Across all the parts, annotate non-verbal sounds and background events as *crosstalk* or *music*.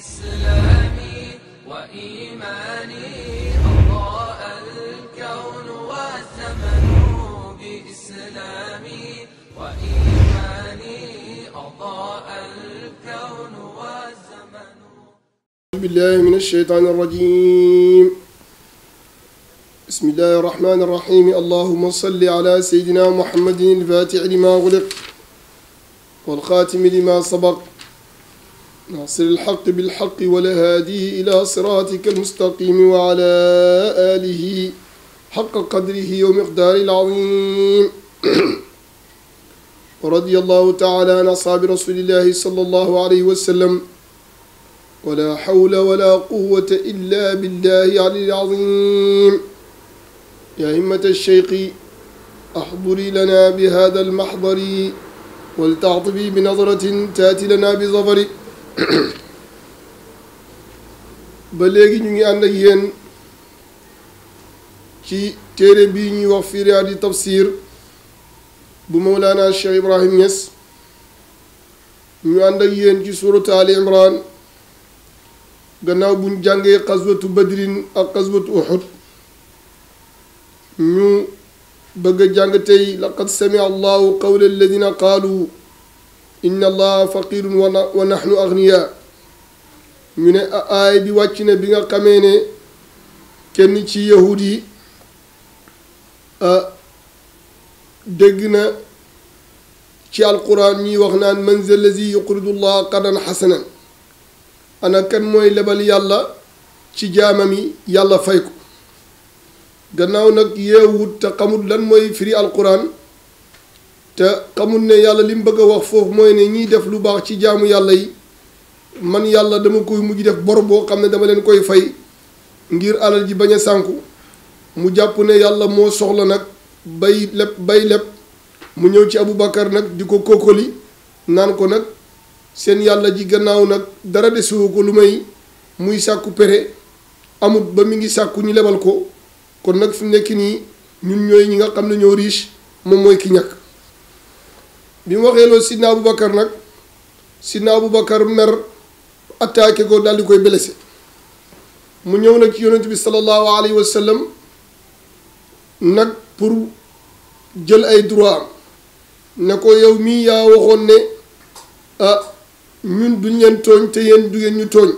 إسلامي وإيماني أضاء الكون والزمن بإسلامي وإيماني أضاء الكون والزمن بالله من الشيطان الرجيم بسم الله الرحمن الرحيم اللهم صل على سيدنا محمد الفاتح لما غلق والخاتم لما سبق ناصر الحق بالحق ولا هاديه إلى صراطك المستقيم وعلى آله حق قدره ومقداره العظيم ورضي الله تعالى عن أصحاب رسول الله صلى الله عليه وسلم ولا حول ولا قوة إلا بالله علي العظيم يا همة الشيخ أحضري لنا بهذا المحضر ولتعطبي بنظرة تأتي لنا بظفر *clears throat* ba léegi ñu ngi ànd ak yéen ci téere bi ñuy wax fi riyaadi tafsir bu Mawlaana Cheikh Ibrahim Niass ñu ànd ak yéen ci suuratu Ali Imran gannaaw buñ jàngee xaswatu badrin ak xaswatu uxud ñu bëgg a jàng tey laqad samia allahu qawla alladina qaalu inna allaha faqirun wa nahnu agniya ñu ne ay bi wàcc na bi nga xamee ne kenn ci yahud yi na ci alquran ñuy wax naan man za lazi yuqridu llaha qardan xasanan ana kan mooy lebal yàlla ci jaamam yi yàlla fay ko gannaaw nag yeewut te xamul lan mooy firi alquran te xamul ne yàlla li mu bëgg a wax foofu mooy ne ñiy def lu baax ci jaamu yàlla yi man yàlla dama koy mujj def bor boo xam ne dama leen koy fay ngir alal ji bañ a sànku mu jàpp ne yàlla moo soxla nag bay leb bay leb mu ñëw ci abu Aboubacar nag di ko kookoli naan ko nag seen yàlla ji gannaaw nag dara desuwu ko lu may muy sàkku pere amut ba mu ngi sàkku ñu lebal ko kon nag fi nekk nii ñun ñooy ñi nga xam ne ñoo riche moom mooy ki ñàkk bi mu waxee loolu sidna Aboubacar nag sidna Aboubacar mer attaqué ko daal di koy blessé mu ñëw nag ci yonent bi sallallahu alayhi wa sallam nag pour jël ay droit ne ko yow mii yaa waxoon ne ah ñun duñ leen tooñ te yéen du ñu tooñ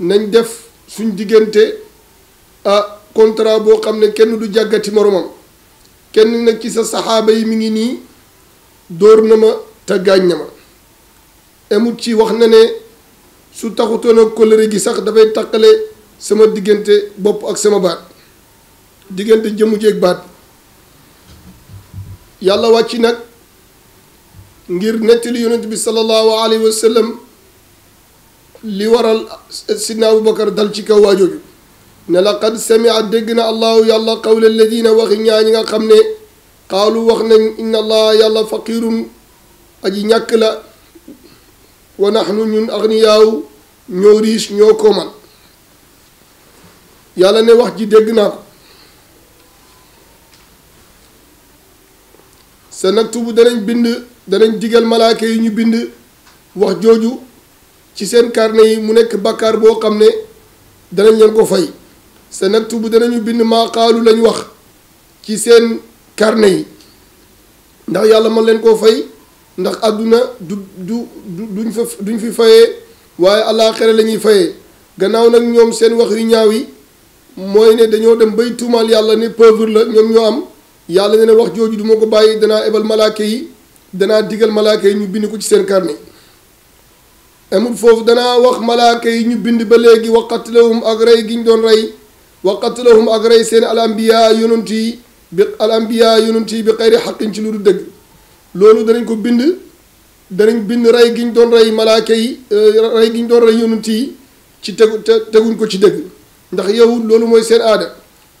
nañ def suñ diggante ah contrat boo xam ne kenn du jàggati moroomam kenn nag ci sa saxaaba yi mi ngi nii dóor na ma te gaañ na ma amut ci wax na ne su taxutoon ak kóllëre gi sax dafay taqale sama diggante bopp ak sama baat diggante jëmu jeeg baat yàlla wàcc nag ngir nettali yonent bi sallallahu alayhi wa sallam li waral sidna abubakar dal ci kaw waajooju ne laqad samia dégg na allahu yàlla qawla alladina waxi ñaa ñi nga xam ne qaalu wax nañ inna allah yàlla faqirun aji ñàkk la wa nahnu ñun aghniyaaw ñoo riis ñoo ko man yàlla ne wax ji dégg naa ko sa naktubu danañ bind danañ digal malaaka yi ñu bind wax jooju ci seen carnet yi mu nekk bàkkaar boo xam ne danañ leen ko fay sa bu danañu bind maa qaalu lañ wax ci seen carnet yi ndax yàlla mën leen koo fay ndax àdduna du du duñ fa duñ fi fayee waaye àllaaxira la ñuy fayee gannaaw nag ñoom seen wax yu ñaaw yi mooy ne dañoo dem bay tuumaal yàlla ne pauvre la ñoom ñoo am yàlla ne ne wax jooju duma ko bàyyi danaa ebal malaaka yi danaa digal malaaka yi ñu bind ko ci seen carnet amul foofu danaa wax malaaka yi ñu bind ba léegi waqatlahum ak rey gi ñu doon rey waqatlahum ak rey seen al ambiya yonent yi bi al ambiya yonent yi bi xayri xaqin ci lu du dëgg loolu danañ ko bind danañ bind rey giñ doon rey malaaka yi euh, rey giñ doon rey yonent ci tegu teguñ ko ci dëgg ndax yow loolu mooy seen aada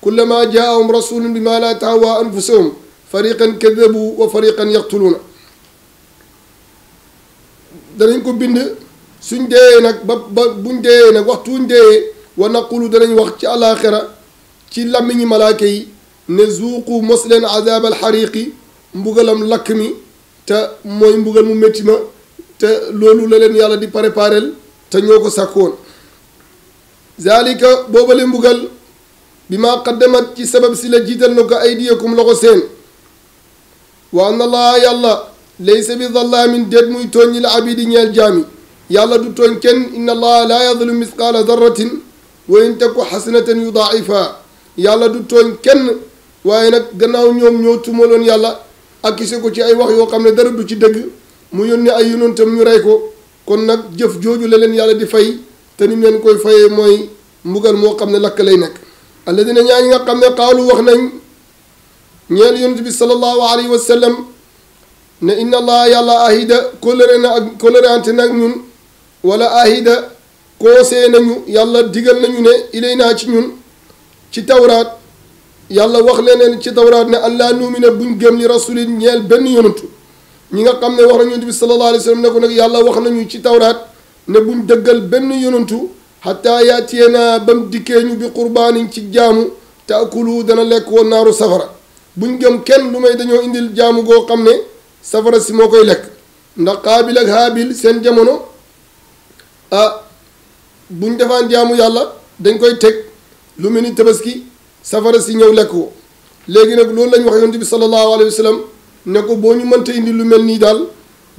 kullama jaahum rasulun bi ma laa tahawa anfusahum fariqan kadabu wa fariqan yaqtuluuna danañ ko bind suñ dee nag ba ba buñ deeyee nag waxtu wuñ deeyee wa naqulu danañ wax ci àllaaxira ci lamiñ malaaka ne zuuqu mos leen azaabal xariqi mbugalam lakk mi te mooy mbugal mu métti ma te loolu la leen yàlla di préparel te ñoo ko sàkkoon zalika boobale mbugal bi ma qaddamat ci sabab si la jiital na ko aydiyakum loxo wa anna allaha yàlla laysa bi zallaamin déet muy tooñ ñi la abidi ñeel jaami yàlla du tooñ kenn inna allaha laa yadlum misqaala darratin wa in taku xasanatan yàlla du tooñ kenn waaye nag gannaaw ñoom ñoo tumaloon yàlla accusé ko ci ay wax yoo xam ne dara du ci dëgg mu yónnee ay yonentam ñu rey ko kon nag jëf jooju la leen yàlla di fay te ni leen koy fayee mooy mbugal moo xam ne lakk lay nekk alladina ñaa ñi nga xam ne xaalu wax nañ ñeel yonent bi sallallahu alayhi wa sallam ne inna allaha yàlla ahida kóllëre na ak kóllëreante nag ñun wala ahida koosee nañu yàlla digal nañu ne ilay naa ci ñun ci tawraat yàlla wax leneen ci tawraat ne an laa nuumina buñ gëm li rasulin ñeel benn yonantu ñi nga xam ne wax nañu yonent bi sallallahu alayhi ne ko nag yàlla wax nañu ci tawraat ne buñ dëggal benn yonantu xataa yaatiyeenaa ba mu dikkee ñu bi ñu ci jaamu taakulu dana lekk woon naaru safara buñ gëm kenn lu may dañoo indil jaamu goo xam ne safara si moo koy lekk ndax xaabil ak haabil seen jamono ah buñ defaan jaamu yàlla dañ koy teg lu mel ni tabaski safara si ñëw lekk ko léegi nag loolu lañu wax yonent bi sallallahu alayhi wa sallam ne ko boo ñu mënta indi lu mel nii daal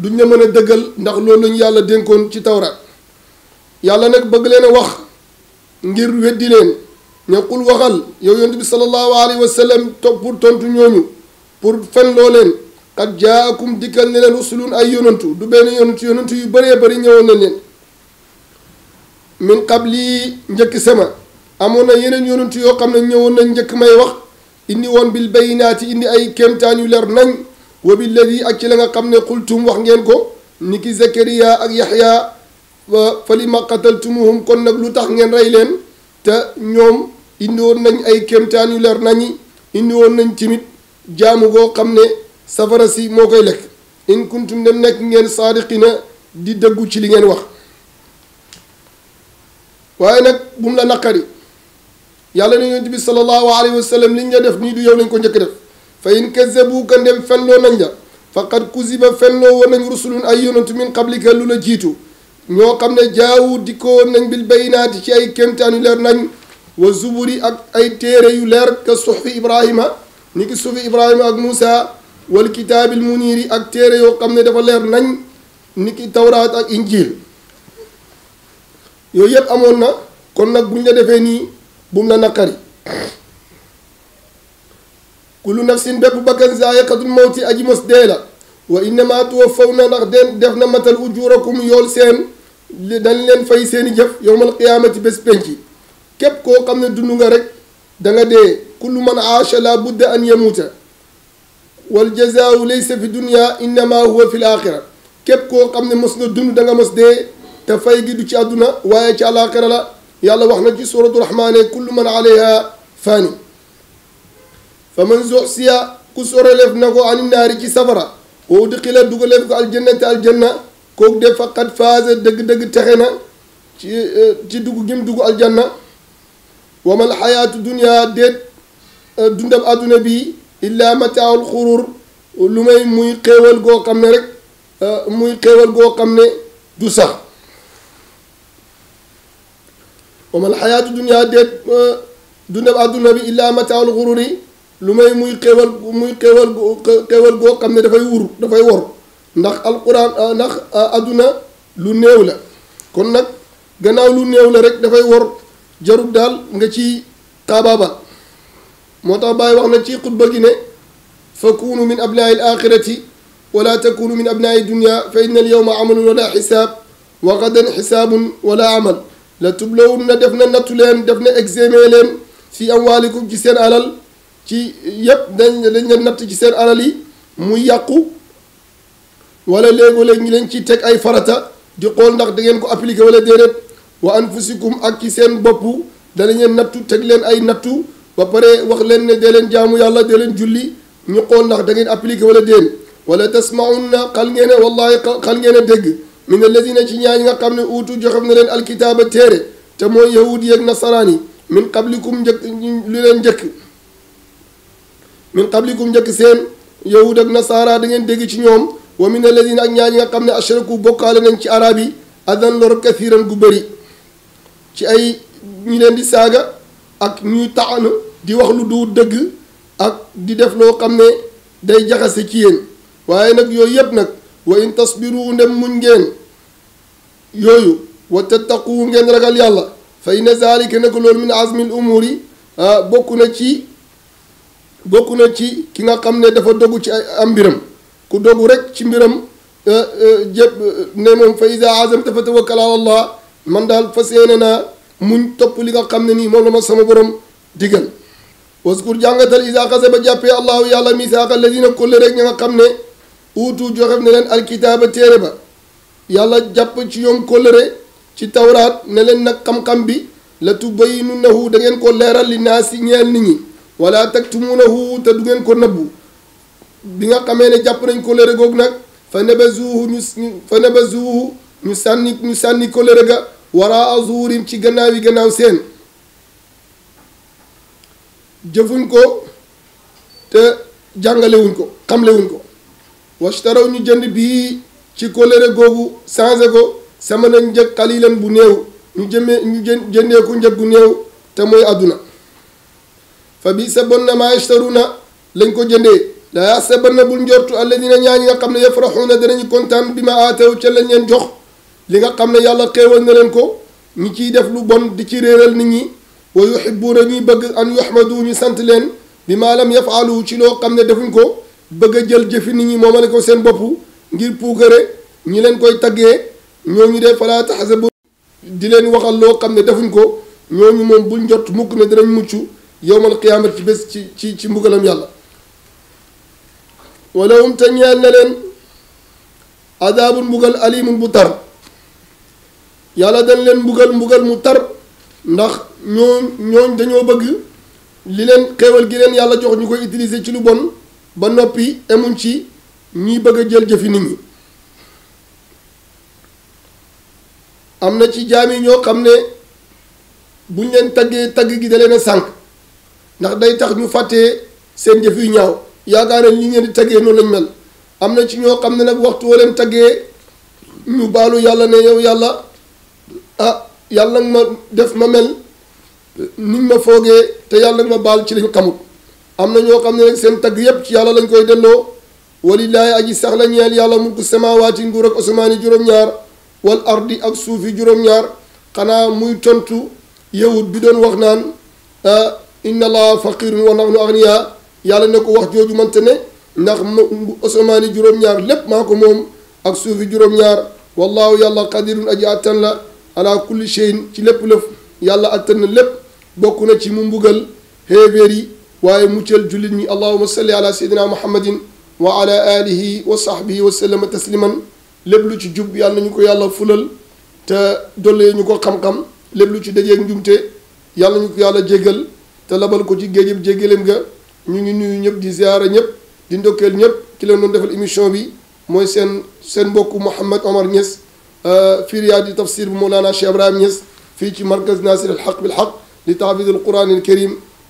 duñ la mën a dëggal ndax loolu lañu yàlla dénkoon ci tawraat yàlla nag bëgg leen a wax ngir weddi leen ne qul waxal yow yonent bi sallallahu alayhi wa sallam to pour tontu ñooñu pour fen loo leen qad jaakum dikkal ne leen rusulun ay yonantu du benn yonantu yonantu yu bëree bëri ñëwoon na leen min lii njëkk sama amoon na yeneen yonent yoo xam ne ñëwoon nañ njëkk may wax indi woon bil bayinaati indi ay kéemtaan yu leer nañ wa billadi ak ci la nga xam ne xultum wax ngeen ko ni ki Zakariya ak Yaxya fa li ma qataltumuhum kon nag lu tax ngeen rey leen te ñoom indi woon nañ ay kéemtaan yu leer nañi indi woon nañ timit jaamu goo xam ne safara si moo koy lekk in kuntum dem nekk ngeen saadiqina di dëggu ci li ngeen wax waaye nag bu mu la naqari yàlla ne yonent bi sallallahu alayhi wa sallam liñ la def nii du yow lañ ko njëkk def fa in kazzabuuka ndem fenloo nañ la faqad kuziba fenloo woon nañ rusulun ay yonantu min qablika lu la jiitu ñoo xam ne jaawu dikkoo nañ bil baynaati ci ay kéemtaan yu leer nañ wa zuburi ak ay téere yu leer ka suxfi ibrahima ni ki ibrahima ak moussa wal kitaabil muniiri ak téere yoo xam ne dafa leer nañ ni ki tawraat ak injil yooyu yëpp amoon na kon nag buñ la defee nii bum na naqari kullu nafsin bépp bakkan zaa'iqatul mawti aji mos dee la wa innama tuwaffawna ndax den def na matal ujurakum yool seen dañ leen fay seeni jëf yowmal qiyaamati bés penc képp koo xam ne dund nga rek danga nga dee kullu man aasha la budda an yamuuta wal jazaau laysa fi dunya innama huwa fi l képp koo xam ne mos nga dund da nga mos dee te fay gi du ci àdduna waaye ci àlaxira la yàlla wax na ci suuratu raxmaane kullu man alayha faani fa man zuxsiya ku soreleef na ko ani naari ci safara wow dëqila dugaleef ko aljannati aljanna kooku def faqat faase dëgg-dëgg texe na eh, ci dugg gim dugg aljanna wamal xayaatu dunia déet eh, dundab àdduna bi illaa mataawul xurur lu may muy xéewal goo xam ne rek eh, muy xéewal goo xam du sax wa mal xayaatu dunya déet dundab àdduna bi illaa mataawul xururi lu may muy xéwal muy xéwal xéwal goo xam ne dafay wur dafay wor ndax alquran ah, ah, lu néew la kon nag gannaaw lu néew la rek dafay wor jarub daal nga ci xaabaaba moo tax Baay wax na ci xutba gi ne fa kuunu min abnaai l axirati wala takunu min abnaai dunia fa al yowma wala xisaab wa gadan xisaabun wala amal la tublawun na def na nattu leen def na examen leen fi amwaalikum ci seen alal ci yépp dañ dañ leen natt ci seen alal yi muy yàqu wala léegoo-léeg ñu leen ci teg ay farata di xool ndax da ngeen ko appliqué wala déedéet wa anfusikum ak ci seen bopp danañ leen nattu teg leen ay nattu ba pare wax leen ne dee leen jaamu yàlla dee leen julli ñu xool ndax da ngeen appliqué wala déen wala tasmaun na xal ngeen ne wallahi xal ngeen ne dégg min alladina ci ñaañ nga xam ne uutu joxam na leen alkitaaba téere te mooy yahud yeeg nasaraan yi min qablikum njëkk lu leen njëkk min qablikum njëkk seen yahud ak nasaara da ngeen dégg ci ñoom wa min alladina ak ñaañ nga xam ne ashraku bokkaale nañ ci arab yi adan lor kathiran gu bari ci ay ñu leen di saaga ak ñuy taan di wax lu du dëgg ak di def loo xam ne day jaxase ci yéen waaye nag yooyu yëpp nag wa in tasbiru ndem muñ ngeen yooyu wa tattaqu ngeen ragal yàlla fa inna zalika naka loolu min azmil umuri ah, bokku na ci bokk na ci ki nga xam ne dafa dogu ci am mbiram ku dogu rek ci mbiram ah, ah, jëpp ne moom fa iza azamta fa tawakkal ala man daal fas yéene naa mu topp li nga xam ne nii moom la ma sama borom digal waskur jàngatal iza xase a jàppee allahu yàlla misaaqa alladina kulle rek ña nga xam ne uutu joxe ne leen alkitaaba téere ba yàlla jàpp ci ñoom kóllëre ci tawraat ne leen nag xam-xam bi la tubayyinunahu da ngeen ko leeral li naa si ñeel nit ñi wala taktumunahu te du ngeen ko nëbbu bi nga xamee ne jàpp nañ kóllëre googu nag fa nabazuuhu ñu fa nabazuuhu ñu sànni ñu sànni kóllëre ga waraa zuurim ci gannaaw yi gannaaw seen jëfuñ ko te jàngalewuñ ko xamlewuñ ko washtaraw ñu jënd bii ci kóllëre googu changé ko sama nañ njëg xalilan bu néew ñu jëmee ñu jëndee ko njëg bu néew te mooy àdduna fa bi sa bon na maa na lañ ko jëndee laa sa bon na bul njortu alladina ñaa ñi nga xam ne yafraxuuna danañu kontaan bi ma aatew ca lañ leen jox li nga xam ne yàlla xéewal na leen ko ñi ciy def lu bon di ci réeral nit ñi wa yuxibuuna ñuy bëgg an yuxmadu ñu sant leen bi ma lam yafaalu ci loo xam ne defuñ ko bëgg a jël jëfi nit ñi moomale ko seen bopp ngir puukare ñi leen koy taggee ñooñu dee falaa taxsabu di leen waxal loo xam ne defuñ ko ñooñu moom buñ jot mukk ne dinañ mucc yowmal qiyaamat ci bés ci ci ci mbugalam yàlla walahum te ñeel na leen adaabun mbugal alimun bu tar yàlla dañ leen mbugal mbugal mu tar ndax ñoo ñooñ dañoo bëgg li leen xéewal gi leen yàlla jox ñu koy utiliser ci lu bon ba noppi emuñ ci ñi bëgg a jël jëfi nit ñi am na ci jaam ñoo xam ne buñ leen taggee tagg gi da leen a sànq ndax day tax ñu fàttee seen jëf yu ñaaw yaakaar ne li ngeen di taggee noonu lañ mel am na ci ñoo xam ne nag waxtu woo leen taggee ñu baalu yàlla ne yow yàlla ah yàlla nga ma def ma mel niñ ma foogee te yàlla nga ma baal ci lañ xamut am na ñoo xam ne nag seen tagg yépp ci yàlla lañ koy delloo walillaahi aji sax la ñeel yàlla mulku samaawaati nguur ak osmaan yi juróom-ñaar wal ardi ak suuf yi juróom xanaa muy tontu yahud bi doon wax naan ah, inna allaha faqirun wa nahnu yàlla ne ko wax jooju mante ne ndax osmaan yi lépp maa ko ak suuf yi juróom-ñaar wallahu yàlla qadirun aji attan la ala kulli cheyin ci lépp lëf yàlla attan na lépp bokk na ci mu mbugal xéebéer waaye muccal jullit ñi allahuma salli ala seydina muhammadin wa ala alihi wa sahbihi wa sallama tasliman lépp lu ci jub yàlla nañu ko yàlla fulal te dollee ñu ko xam-xam lépp lu ci dajeeg njumte yàlla ñu ko yàlla jéggal te labal ko ci géejëb jéggaleem ga ñu ñu nuyu ñëpp di ziara ñëpp di ndokkeel ñëpp ki leen doon defal émission bi mooy seen seen mbokk Mouhamed Omar Niass euh, fii Riyaad di tafsir bu Mawlana Cheikh Ibrahim Niass fii ci markaz Nasir al Haq bil Haq li tahfiz al Quran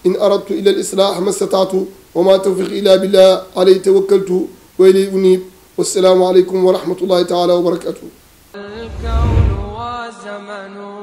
in aradtu ila al islaax ma stataatu wa ma tawfiq illa billah alayhi tawakkaltu wa ilayhi unib wassalaamu aleykum wa rahmatullahi taala wa barakatuh